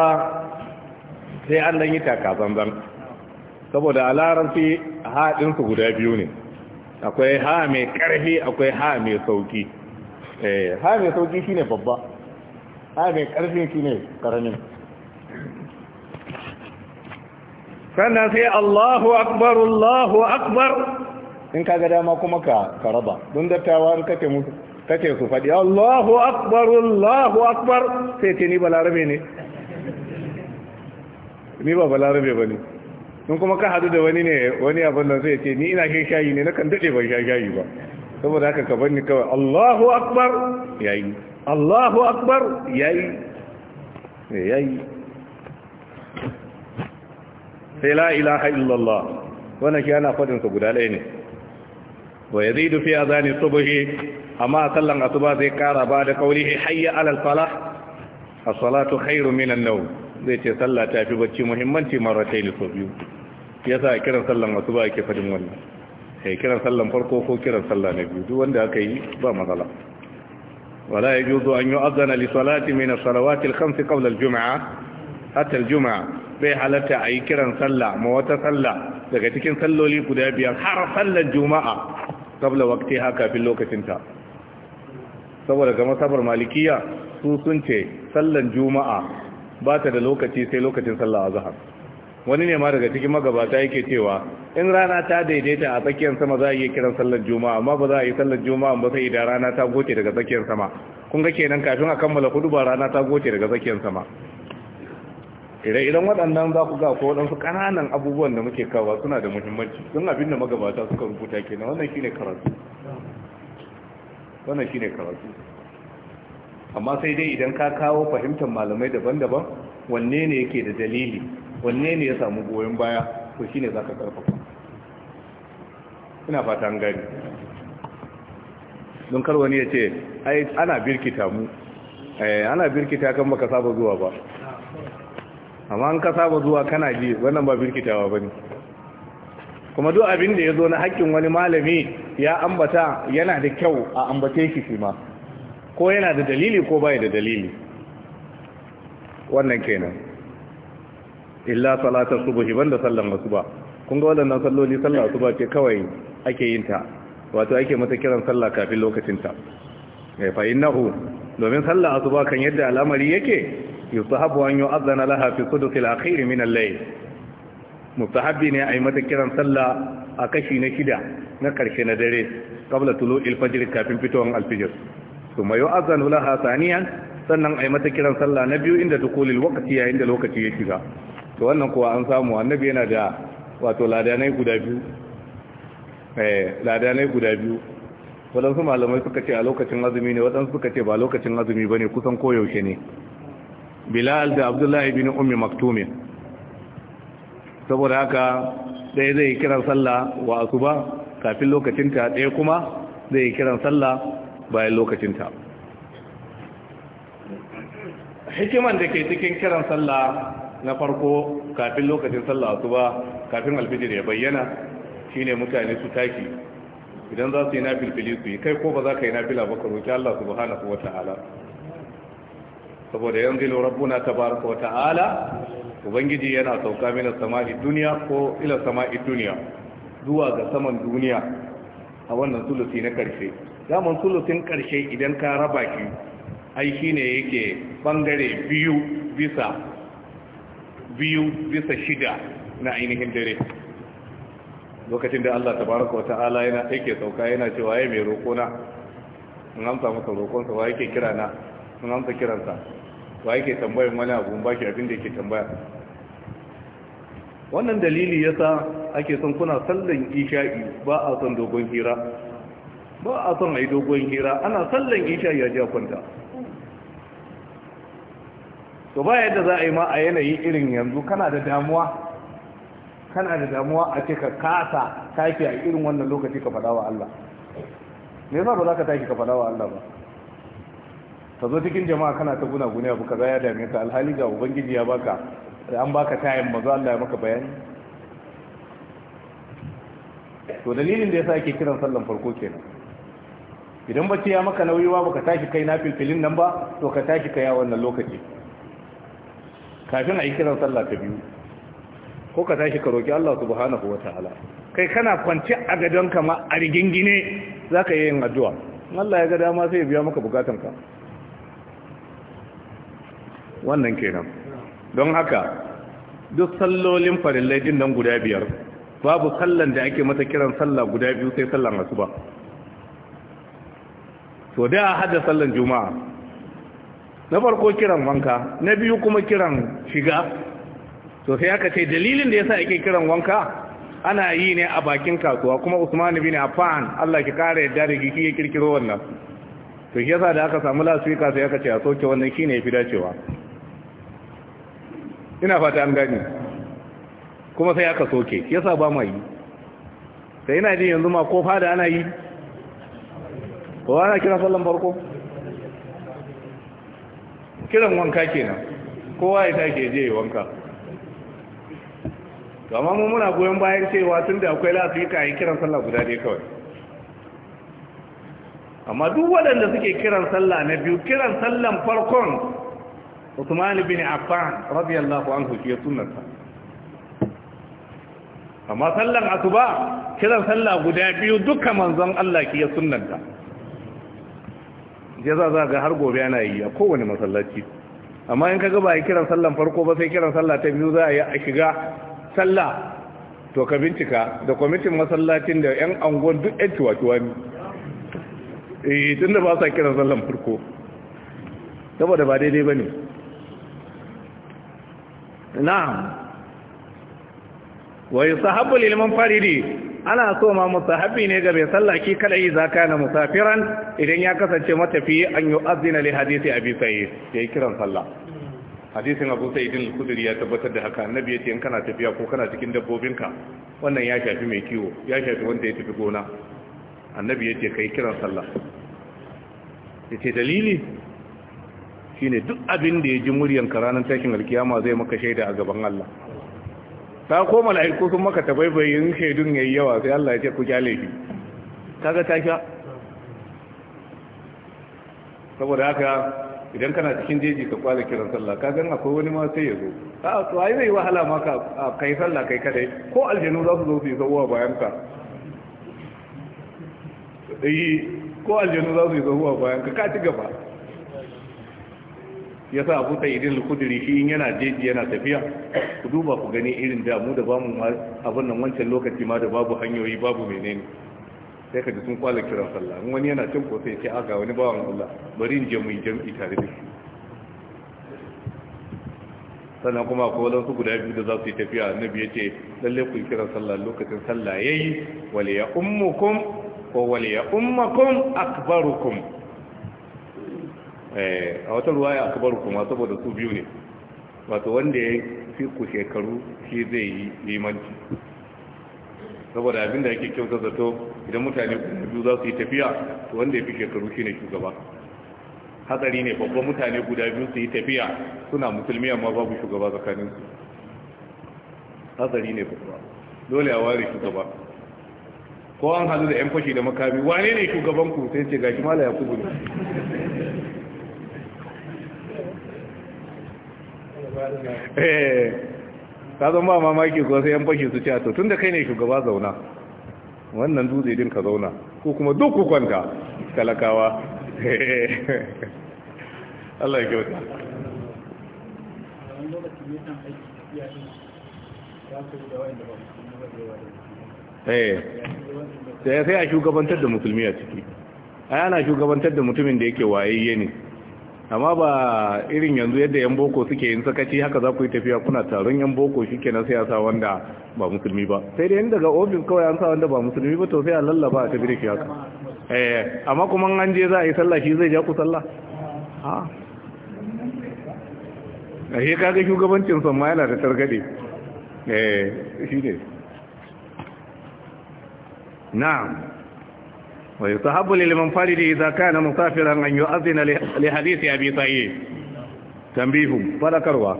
sai an dan yi taka zanzan. saboda a larabci haɗinsu guda biyu ne akwai ha mai ƙarfi akwai ha mai sauƙi eh, ha mai sauƙi shine babba ha mai ƙarfi shine ƙaramin sannan sai Allahu akbar Allahu akbar in ka ga dama kuma ka karaba don dattawa in kace musu kace su faɗi Allahu akbar Allahu akbar sai ce ni balarabe ne ni ba balarabe ba ne in kuma ka hadu da wani ne wani abin da zai ce ni ina shan shayi ne na kan daɗe ban sha shayi ba saboda haka ka ni kawai Allahu akbar yayi Allahu akbar yayi eh, yayi sai la ilaha illallah wannan shi ana fadin sa guda ɗaya ne wa yazidu fi azani subhi amma sallan asuba zai kara ba da kaulihi hayya alal falah as-salatu khairu minan nawm zai ce sallah ta fi bacci muhimmanci maratayn so biyu yasa kiran sallan asuba yake fadin wannan sai kiran sallan farko ko kiran sallah na biyu duk wanda aka yi ba matsala wala yajuzu an yu'azzana li salati min as-salawati al-khams qabla al-jum'ah hatar juma'a bai halatta a yi kiran sallah ma wata sallah daga cikin salloli guda biyar har sallar juma'a kabla wakti haka fi lokacinta saboda ga masabar malikiya su sun ce sallar juma'a ba ta da lokaci sai lokacin sallah a zahar wani ne ma daga cikin magabata yake cewa in rana ta daidaita a tsakiyar sama za a yi kiran sallar juma'a amma ba za a yi sallar juma'a ba sai idan rana ta goce daga tsakiyar sama kun ga kenan kafin a kammala hudu ba rana ta goce daga tsakiyar sama ire-iren waɗannan za ku ga ko waɗansu ƙananan abubuwan da muke kawo suna da muhimmanci sun abin da magabata suka rubuta ke na wannan shine karatu wannan shine karatu amma sai dai idan ka kawo fahimtar malamai daban-daban wanne ne yake da dalili wanne ne ya samu goyon baya to shine za ka karfafa ina fata an gani don kar wani ya ce ai ana birkita mu eh, ana birkita kan baka saba zuwa ba amma an ka saba zuwa kana ji wannan ba birkitawa ba ne kuma duk abin da ya zo na haƙƙin wani malami ya ambata yana da kyau a ambace shi shi ma ko yana da dalili ko bai da dalili wannan kenan illa salatar subuhi banda sallan ba. kun ga waɗannan salloli sallar ba ce kawai ake yin ta wato ake mata kiran sallah kafin lokacin ta eh, fa innahu domin sallar ba kan yadda al'amari yake يصحب أن يؤذن لها في sudusi الأخير من الليل mustahabbi ne a yi mata kiran sallah a kashi na shida na karshe na dare kabla tulu'il fajr kafin fito al-fajr صلى yu'azzanu laha sannan a yi mata kiran sallah na biyu inda dukulil waqti yayin da lokaci ya shiga to wannan kuwa an samu annabi yana da wato guda malamai suka ce a lokacin azumi ne wadansu suka ce ba lokacin azumi ba ne kusan koyaushe ne bilal da abdullahi bin ummi maktumin saboda haka ɗaya zai yi kiran sallah wa asuba kafin lokacinta ɗaya kuma zai yi kiran sallah bayan lokacinta hikiman da ke cikin kiran sallah na farko kafin lokacin sallah asuba kafin alfijir ya bayyana shine mutane su taki idan za su yi filfili su yi kai ko ba za ka yi nafila ba ka roki Allah subhanahu ta'ala. saboda yanzu rabbuna tabaraka wa ta'ala ubangiji yana sauka mina sama'i duniya ko ila sama'i duniya zuwa ga saman duniya a wannan sulusi na karshe daman sulusin karshe idan ka raba ki ai shine yake bangare biyu bisa biyu bisa shida na ainihin dare lokacin da Allah tabaraka wa ta'ala yana yake sauka yana cewa ya mai roƙona in amsa masa roƙonsa wa yake na, in amsa kiransa wa yake tambayar wani abu ba shi abin da yake tambaya wannan dalili yasa ake son kuna sallan isha'i ba a son dogon hira ba a son ai dogon hira ana sallan isha'i ya ja kwanta to ba yadda za a yi ma a yanayi irin yanzu kana da damuwa kana da damuwa a ce ka kasa kafi a irin wannan lokaci ka faɗa wa Allah me yasa ba za ka tafi ka faɗa wa Allah ba ka zo cikin jama'a kana ta guna gune abu kaza ya dame ka alhali ga ubangiji ya baka an baka tayin maza Allah ya maka bayani to dalilin da yasa ake kiran sallan farko kenan idan bacci ya maka nauyi ba baka tashi kai na filfilin nan ba to ka tashi kai a wannan lokaci kafin a yi kiran sallah ta biyu ko ka tashi ka roki Allah subhanahu wataala kai kana kwance a gadon ma a rigingine zaka yi yin addu'a Allah ya ga dama sai ya biya maka bukatanka wannan kenan don haka duk sallolin farillai din nan guda biyar babu sallan da ake mata kiran sallah guda biyu sai sallan asuba to da hada sallan juma'a na farko kiran wanka na biyu kuma kiran shiga to sai aka ce dalilin da yasa ake kiran wanka ana yi ne a bakin kasuwa kuma Usman bin Affan Allah ki kare yadda da giki kirkiro wannan to shi yasa da aka samu lasuika sai aka ce a soke wannan shine yafi dacewa ina fata an gani kuma sai aka soke yasa ba ma yi sai ina jin yanzu ma ko fada ana yi wa ana kira sallan farko kiran wanka kenan kowa ya take je wanka amma mu muna goyon bayan cewa tun da akwai lafika a yi kiran sallah guda dai kawai amma duk waɗanda suke kiran sallah na biyu kiran sallan farkon Usman bin Affan radiyallahu anhu shi ya sunnarsa amma sallan asuba kiran sallah guda biyu duka manzon Allah ki ya sunnarta ya za za ga har gobe ana yi a kowane masallaci amma in kaga ba a kiran sallan farko ba sai kiran sallah ta biyu za a yi a shiga sallah to ka bincika da kwamitin masallacin da 'yan angon duk 'yan ciwa ne eh tun da ba sa kiran sallan farko saboda ba daidai ba ne na'am wa yusahabu lil munfaridi ana so ma musahabi ne ga bai sallaki kadai ka na musafiran idan ya kasance matafi an yu'azzina li hadisi abi ya yi kiran sallah hadisin abu sa'id idin khudri ya tabbatar da haka annabi ce in kana tafiya ko kana cikin dabbobinka wannan ya shafi mai kiwo ya shafi wanda ya tafi gona annabi yace kai kiran sallah ce dalili shine duk abin da ya ji muryanka ranar tashin alkiyama zai maka shaida a gaban Allah ta ko mala'iku sun maka tabaibayin shaidun yayi yawa sai Allah ya ce ku kyale shi kaga ta sha saboda haka idan kana cikin jeji ka kwala kiran sallah ka gan akwai wani ma sai ya zo a to ai zai wahala maka a kai sallah kai kadai ko aljanu za su zo su yi zahuwa bayan ka ko aljanu za su yi zahuwa bayan ka ka ci gaba ya sa abu ta irin lukudiri shi in yana jeji yana tafiya ku duba ku gani irin damu da bamu abin nan wancan lokaci ma da babu hanyoyi babu menene sai ka ji sun kwala kiran sallah in wani yana cin kosai ce aga wani bawan Allah bari in je mu mu tare da shi sannan kuma ko su guda biyu da za su yi tafiya annabi ya ce lalle ku kiran sallah lokacin sallah yayi wal ya ummukum ko wal ya ummakum akbarukum Eh, a wata ruwaya akbar kuma saboda su biyu ne wato wanda ya fi ku shekaru shi zai yi limanci saboda abin da yake kyauta zato idan mutane guda biyu za su yi tafiya to wanda ya fi shekaru shi ne shugaba hatsari ne babban mutane guda biyu su yi tafiya suna musulmi amma babu shugaba tsakaninsu hatsari ne babba dole a ware shugaba ko an hadu da 'yan fashi da makami wane ne shugabanku sai ce gashi mala ya kubu ne ta eh, ka zan ba mamaki ko sai yan fashi su ce to tun da kai ne shugaba zauna wannan dutse din ka zauna ko kuma duk ku kwanta talakawa Allah ya kyauta eh, sai a shugabantar da musulmi a ciki A ana shugabantar da mutumin da yake waye ne amma ba irin yanzu yadda yan boko suke yin sakaci haka za ku yi tafiya kuna taron yan boko shi ke na siyasa wanda ba musulmi ba sai da yin daga obin kawai an sa wanda ba musulmi ba to sai a lallaba a tafi da shi haka eh, amma kuma an je za a yi sallah shi zai ja ku sallah a kaga shugabancin sa ma yana da targade eh, shi ne na'am ويستحب للمنفرد إذا كان مسافرا أن يؤذن لحديث أبي سعيد تنبيه فلا كروا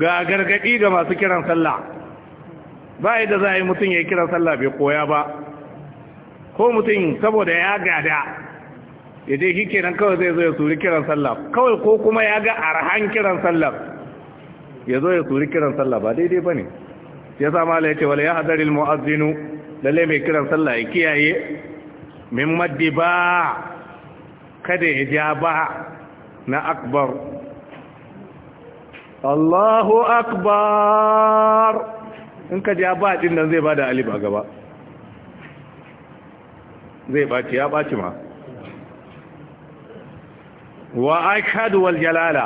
ga قائد ga masu kiran sallah ba yadda za a yi mutum ya kiran sallah bai koya ba ko mutum saboda ya gada ya je kike kawai zai zo ya suri kiran sallah kawai ko kuma ya ga arhan kiran sallah ya zo ya suri kiran sallah ba daidai ba ne ya sa mala ya ce wale ya lalle mai kiran sallah ya kiyaye min maddi ba kada ya ja ba na akbar Allahu akbar in ka ja ba din nan zai bada alif a gaba zai ba ya baci ma wa akhadu wal jalala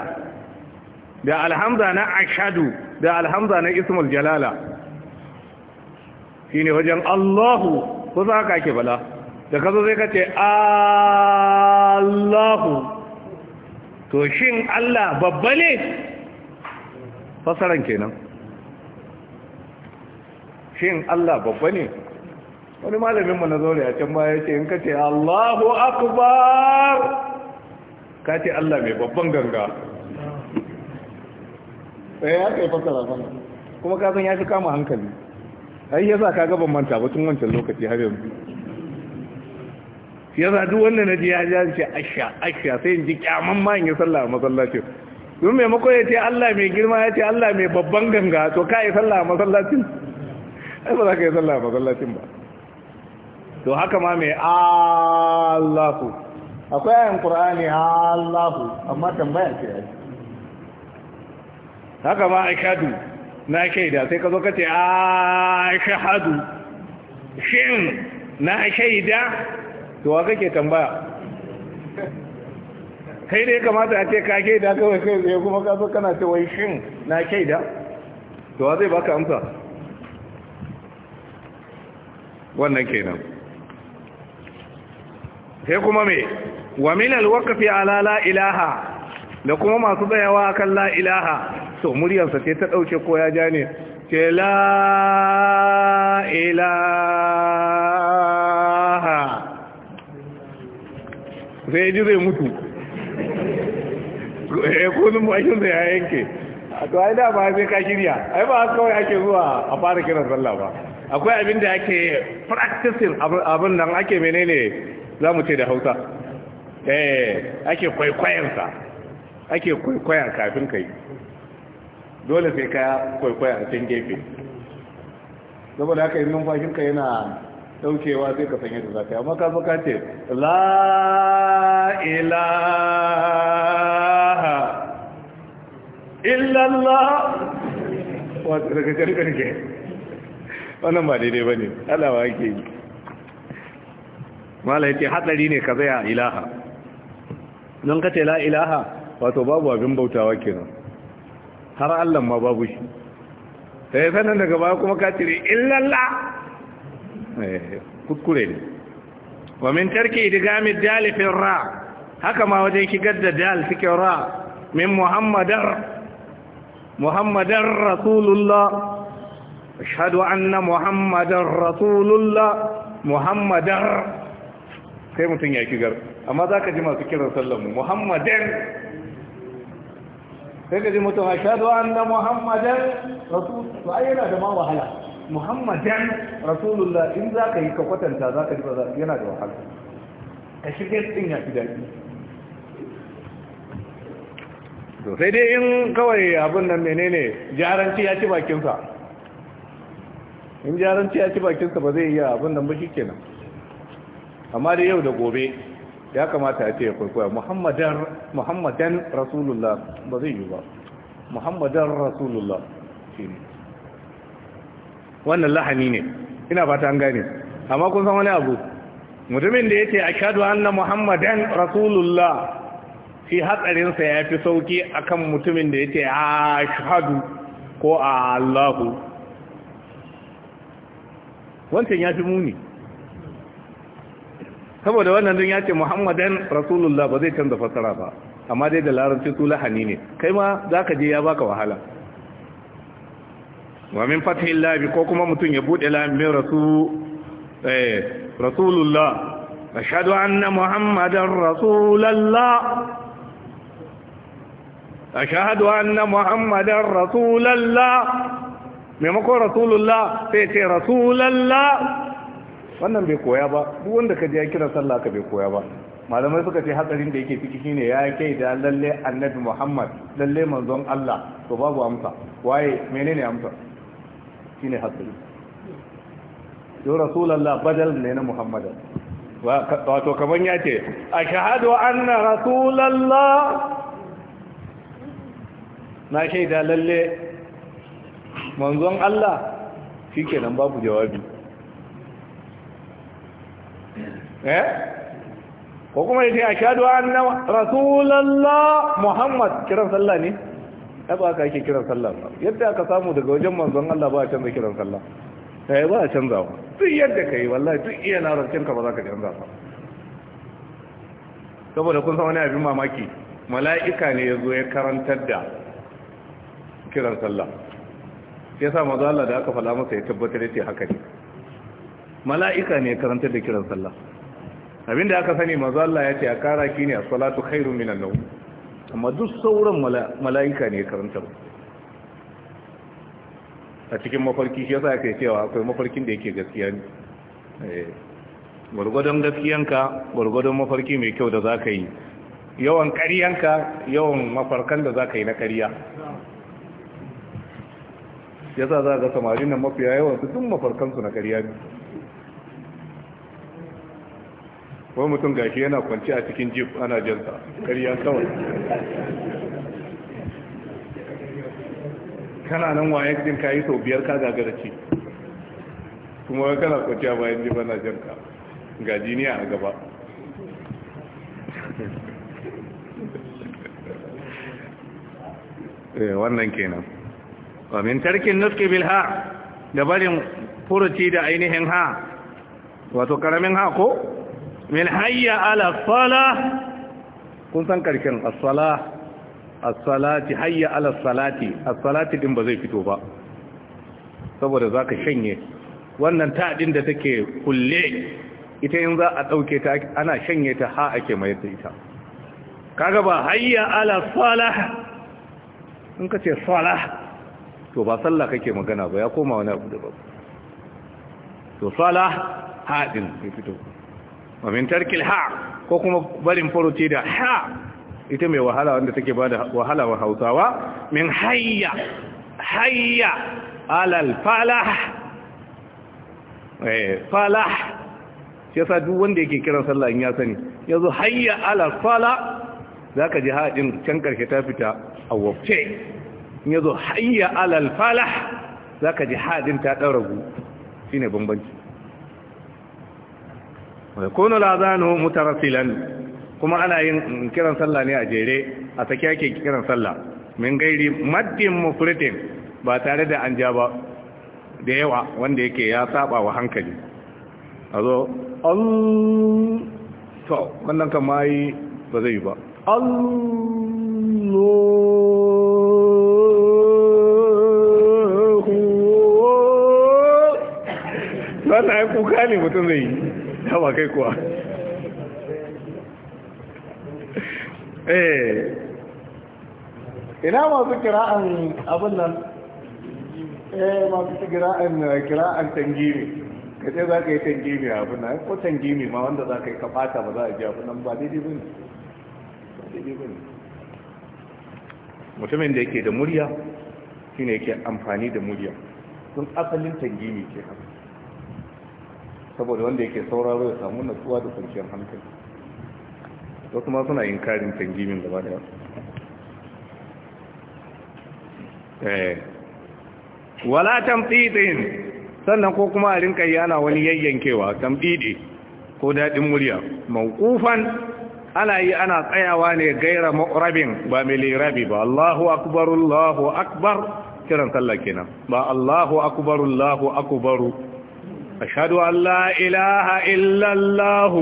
da alhamza na akhadu da alhamza na ismul jalala shine wajen Allahu ko za ka ake bala da ka zo sai ka ce Allahu to shin Allah babba ne fasaran kenan shin Allah babba ne wani malamin mu na zaure a can baya ce in ka ce Allahu akbar ka ce Allah mai babban ganga sai eh, ya kai fasara kuma ka san ya fi kama hankali ai yasa ka ga ban manta ba tun wancan lokaci har yanzu yasa duk wanda na ji ya ji ce asha asha sai in ji kyaman ma in yi sallah a masallacin don mako ya ce Allah mai girma ya ce Allah mai babban ganga to ka yi sallah a masallacin ai ba za ka yi sallah a masallacin ba to haka ma mai Allahu akwai ayin Qur'ani Allahu amma tambaya ce ai haka ma aikadu na shaida sai ka zo ka ce a shahadu shin na shaida to wa kake tambaya kai dai kamata a ce ka shaida kawai kai zai kuma ka zo kana ce wai shin na shaida to wa zai baka amsa wannan kenan sai kuma me wa min alwaqfi ala la ilaha da kuma masu tsayawa kan la ilaha to muryarsa ce ta ɗauke ko ya ja ne ce la ilaha zai ji zai mutu ya eh, kunin bakinsa ya yanke to ai da ba zai ka shirya ai ba a kawai ake zuwa a fara kiran sallah ba akwai abin da ake practicing abin nan ake menene za mu ce da hausa eh ake kwaikwayansa ake kwaikwayan kafin kai dole sai kaya kwaikwaya a can gefe saboda haka yin numfashinka yana daukewa sai ka sanya da zafi amma ka zo ka ce la ilaha illallah wata daga can ke wannan ba daidai ba ne alawa ake yi mala ce hatsari ne ka zaya ilaha don ka ce la ilaha wato babu abin bautawa kenan har Allah ma babu shi sai sanan daga baya kuma ka cire illallah eh, Kukure ne wa min tarki idgamid dal ra haka ma wajen kigar da dal cikin ra min muhammadar muhammadar rasulullah أشهد أن محمد رسول الله محمد كيف متن يا كيغر أما ذاك جماعة كيرا سلم محمد sai ka ji mutum a shaɗu an da muhammadan rasulullah to ai yana da ma wahala muhammadan rasulullah in za ka yi ka kwatanta za ka ji ba za yana da wahala ka shirya ɗin ya fi daɗi to sai dai in kawai abin nan menene jaranci ya ci bakinsa in jaranci ya ci bakinsa ba zai iya abin nan ba shi kenan amma da yau da gobe ya kamata a ce ya kwaikwaya muhammadan rasulullah ba zai yi ba muhammadan rasulullah shi ne wannan lahani ne ina fata an gane amma kun san wani abu mutumin da ya ce a shaɗu anna muhammadan rasulullah fi hatsarinsa ya fi sauki akan mutumin da ya ce a shaɗu ko a allahu wancan ya fi muni saboda wannan din ya ce muhammadan rasulullah ba zai canza fassara ba amma dai da larabci su lahani ne kai ma za ka je ya baka wahala wa min fathin labi ko kuma mutum ya buɗe lamin rasu eh rasulullah ashhadu anna muhammadan rasulullah ashhadu anna muhammadan rasulallah, maimakon rasulullah sai ce rasulullah wannan bai koya ba duk wanda ka je ya kira sallah ka bai koya ba malamai suka ce hatsarin da yake ciki shine ya kai da lalle annabi Muhammad lalle manzon Allah to babu amsa waye menene amsa shine hatsari yo rasulullah badal ne na Muhammad wato kaman ya ce ashhadu anna rasulullah na shaida lalle manzon Allah shikenan babu jawabi eh ko kuma yace ashhadu anna rasulullah muhammad kiran sallah ne da ba ka kiran sallah ba yadda aka samu daga wajen manzon Allah ba a canza kiran sallah sai eh, ba a canza ba duk yadda kai wallahi duk iya larabcin ka ba za ka canza ba saboda kun san wani abin mamaki mala'ika ne ya zo ya karantar da kiran sallah ya sa mazu Allah da aka fada masa ya tabbatar ya ce haka ne mala'ika ne ya karantar da kiran sallah abinda aka sani manzo Allah ya ce a kara ki ne a salatu khairu minan nau amma duk sauran mala'ika ne karanta a cikin mafarki shi yasa kai cewa akwai mafarkin da yake gaskiya ne eh, gurgudun gaskiyanka gurgudun mafarki mai kyau da za ka yi yawan kariyanka yawan mafarkan da za ka yi na ƙarya yasa za ga samarin nan mafiya yawan su tun mafarkansu na kariya ne wani mutum gashi yana kwanci a cikin jif ana jinsa ƙarya kawai kana nan waye cikin ka yi sau biyar ka gagara ci kuma wani kana kwanci a bayan jif ana jinsa ga jiniya a gaba eh, wannan kenan min tarkin nufke bilha da barin furuci da ainihin ha wato karamin ha ko min hayya ala sala kun san karshen as-sala salati hayya ala salati as-salati din ba zai fito ba saboda zaka shanye wannan ta din da take kulle ita yin za a dauke ta ana shanye ta ha ake mai da ita kaga ba hayya ala salah in ka ce salah to ba sallah kake magana ba ya koma wani abu da ba to salah haɗin ya fito wa min tarkil ha ko kuma barin furuci da ha ita mai wahala wanda take bada wahala wa Hausawa min hayya hayya alal falah eh falah shi yasa duk wanda yake kiran sallah in ya sani yanzu hayya alal falah zaka ji haɗin can karshe ta fita a wafce in yazo hayya alal falah zaka ji haɗin ta ɗan ragu shine bambanci wa yakunu al-adhanu mutarasilan kuma ana yin kiran sallah ne a jere a sake ake kiran sallah min gairi Madin mufritin ba tare da an ja ba da yawa wanda yake ya saba wa hankali a zo to wannan kama yi ba zai yi ba allahu wata kuka ne mutum zai yi ba kai kuwa eh ina masu kira'an abin nan eh masu kira'an kira'an tangimi ka ce za ka yi tangimi abin nan ko tangimi ma wanda za ka yi kafata ba za a ji abin nan ba daidai ba ne mutumin da yake da murya shine yake amfani da murya sun asalin tangimi ke haka saboda wanda yake sauraro ya samu natsuwa da kwanciyar hankali wasu ma suna yin karin tangimin gaba da eh. wala tamtidin sannan ko kuma a rinka yana wani yayyankewa tamtidi ko daɗin murya mawqufan ana yi ana tsayawa ne gaira rabin ba rabi ba Allahu akbar Allahu akbar kiran sallah kenan ba Allahu akbar Allahu akbaru أشهد أن لا إله إلا الله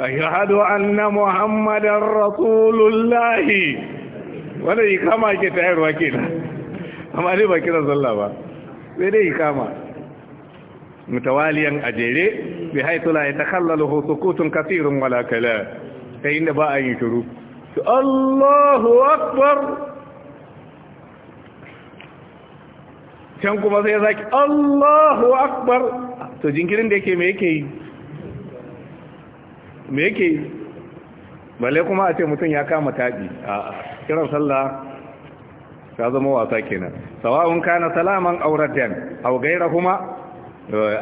أشهد أن محمد رسول الله ولي كما كتير وكيل أما لي بكيلة صلى الله وله إقامة متواليا أجيري بحيث لا يتخلله سكوت كثير ولا كلا فإن باء يشرب الله أكبر شنكم سيزاك الله أكبر to jinkirin da yake me yake yi me yake yi balle kuma a ce mutum ya kama taɗi a kiran sallah ta zama wasa kenan sawa'un kana salaman auratan aw gairahuma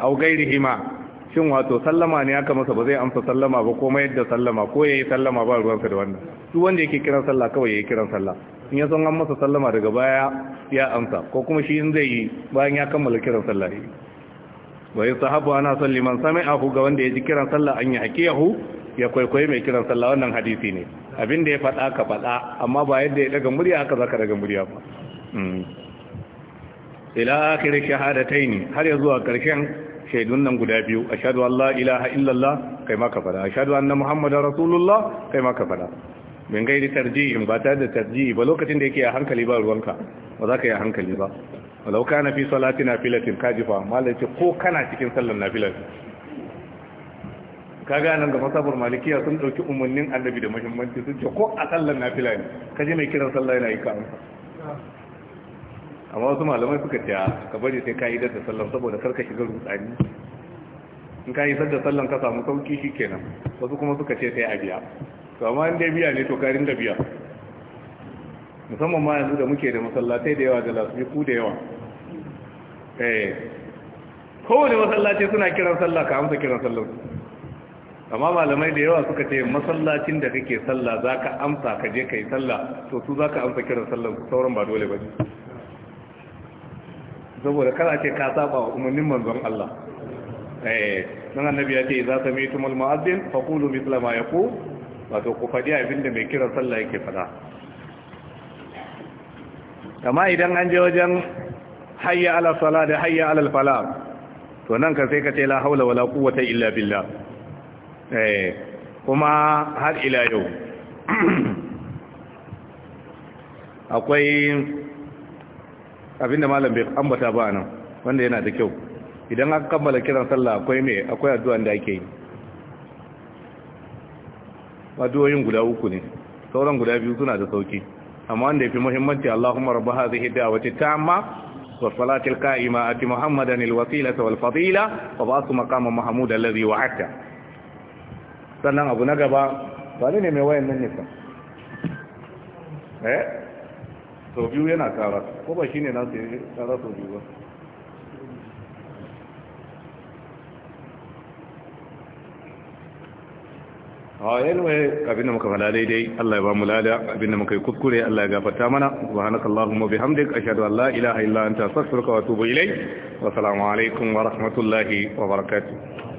aw gairihima eh, shin wato sallama ne aka masa ba zai amsa sallama ba ko mai da sallama ko yayi sallama ba ruwansa da wannan duk wanda yake kiran sallah kawai yayi kiran sallah in ya san an masa sallama daga baya ya amsa ko kuma shi in zai yi bayan ya kammala kiran sallah wa yasahabu ana Liman sami a ga wanda ya ji kiran sallah an ya hakiyahu ya kwaikwayi mai kiran sallah wannan hadisi ne abin da ya faɗa ka faɗa amma ba yadda ya daga murya haka zaka daga murya ba hmm. ila akhir shahadataini har ya zuwa ƙarshen shaidun nan guda biyu ashhadu an la ilaha illallah kai ma ka faɗa ashhadu anna muhammadar rasulullah kai ma ka faɗa min gairi in ba tare da tarjihi ba lokacin da yake a hankali ba ruwanka ba za ka yi a hankali ba walau kana fi salati ka kajifa malai ce ko kana cikin sallar Ka kaga nan ga masabar malikiya sun dauki umarnin annabi da muhimmanci sun ce ko a sallar nafila ne ji mai kiran sallar yana yi ka amsa amma wasu malamai suka ce ah, ka bari sai ka yi da sallar saboda kar ka shiga rutsani in ka yi sadda sallar ka samu sauki shikenan wasu kuma suka ce sai a biya to amma in dai biya ne to ka da biya musamman ma yanzu da muke da masallatai da yawa da lasfiku da yawa eh kowane masallaci suna kiran sallah ka amsa kiran sallah amma malamai da yawa suka ce masallacin da kake sallah za ka amsa ka je ka yi sallah to su za ka amsa kiran sallah sauran ba dole ba ne saboda kana ce ka saba wa umarnin manzon Allah eh nan annabi ya ce za ta mai tumul mu'azzin fa qulu mithla ma yaqul wato ku fadi abinda mai kiran sallah yake fada kama idan an je wajen hayya ala sala da hayya ala fala to nan ka sai ka ce la haula wala quwwata illa billah eh kuma har ila yau akwai abinda malam bai ambata ba nan wanda yana da kyau idan aka kammala kiran sallah akwai me akwai addu'an da ake yi addu'o'in guda uku ne sauran guda biyu suna da sauki amma wanda fi muhimmanci Allahumma rabb hadhihi da'wati tamma والصلاة القائمة أتي محمدا الوسيلة والفضيلة وبعث مقام محمود wa وعدته sannan abu na gaba wani ne mai wayan nan nisan eh sau biyu yana kara ko ba shi ne na su kara sau biyu ba a yanwe abin da muka fada daidai Allah ya ba mu lada abin da muka yi kuskure Allah ya gafarta mana subhanaka allahumma bihamdik ashhadu an la ilaha illa anta astaghfiruka wa atubu ilayk wa assalamu alaikum wa rahmatullahi wa barakatuh